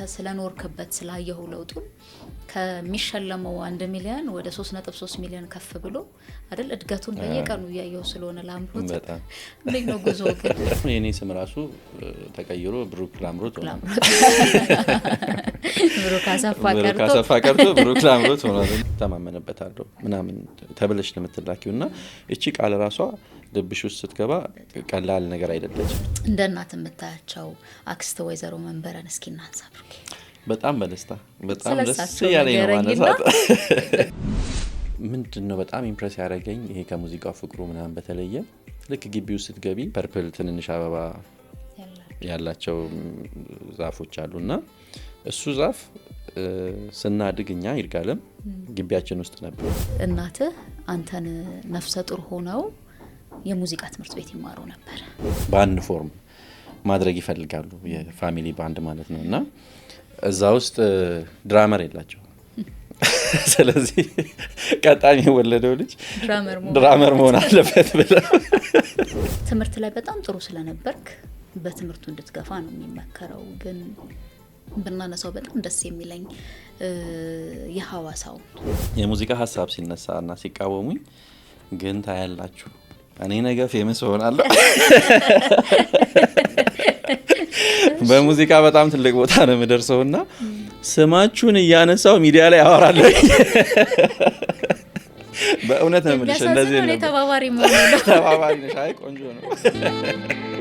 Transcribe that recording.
አንተ ስለኖርክበት ስላየሁ ለውጡን ከሚሸለመው አንድ ሚሊዮን ወደ 3.3 ሚሊዮን ከፍ ብሎ አይደል እድገቱን በየቀኑ እያየው ስለሆነ ላምሮት እንዴት ነው ጉዞ? ግን የኔ ስም ራሱ ተቀይሮ ብሩክ ላምሮት ሆነ። ብሩክ አሰፋ ቀርቶ ብሩክ ላምሮት ሆኗል ተማመንበታለሁ ምናምን ተብለሽ ለምትላኪው እና እቺ ቃል ራሷ ልብሽ ውስጥ ስትገባ ቀላል ነገር አይደለች። እንደ እናት የምታያቸው አክስት ወይዘሮ መንበረን እስኪ እናንሳ ብሩክ። በጣም በደስታ በጣም ደስ ያለ ማነሳት ምንድን ነው በጣም ኢምፕሬስ ያደረገኝ ይሄ ከሙዚቃው ፍቅሩ ምናምን በተለየ ልክ ግቢ ውስጥ ስትገቢ ፐርፕል ትንንሽ አበባ ያላቸው ዛፎች አሉ እና እሱ ዛፍ ስናድግ እኛ ይርጋለም ግቢያችን ውስጥ ነበር። እናትህ አንተን ነፍሰ ጡር ሆነው የሙዚቃ ትምህርት ቤት ይማሩ ነበር። በአንድ ፎርም ማድረግ ይፈልጋሉ የፋሚሊ ባንድ ማለት ነው እና እዛ ውስጥ ድራመር የላቸው። ስለዚህ ቀጣሚ የወለደው ልጅ ድራመር መሆን አለበት ብለው ትምህርት ላይ በጣም ጥሩ ስለነበርክ በትምህርቱ እንድትገፋ ነው የሚመከረው ግን ብናነሳው በጣም ደስ የሚለኝ የሐዋሳውን የሙዚቃ ሀሳብ ሲነሳ እና ሲቃወሙኝ ግን ታያላችሁ እኔ ነገ ፌመስ ሆናለሁ በሙዚቃ በጣም ትልቅ ቦታ ነው የምደርሰው እና ስማችሁን እያነሳው ሚዲያ ላይ አወራለኝ በእውነት ነው ምልሽ እንደዚህ ተባባሪ ቆንጆ ነው።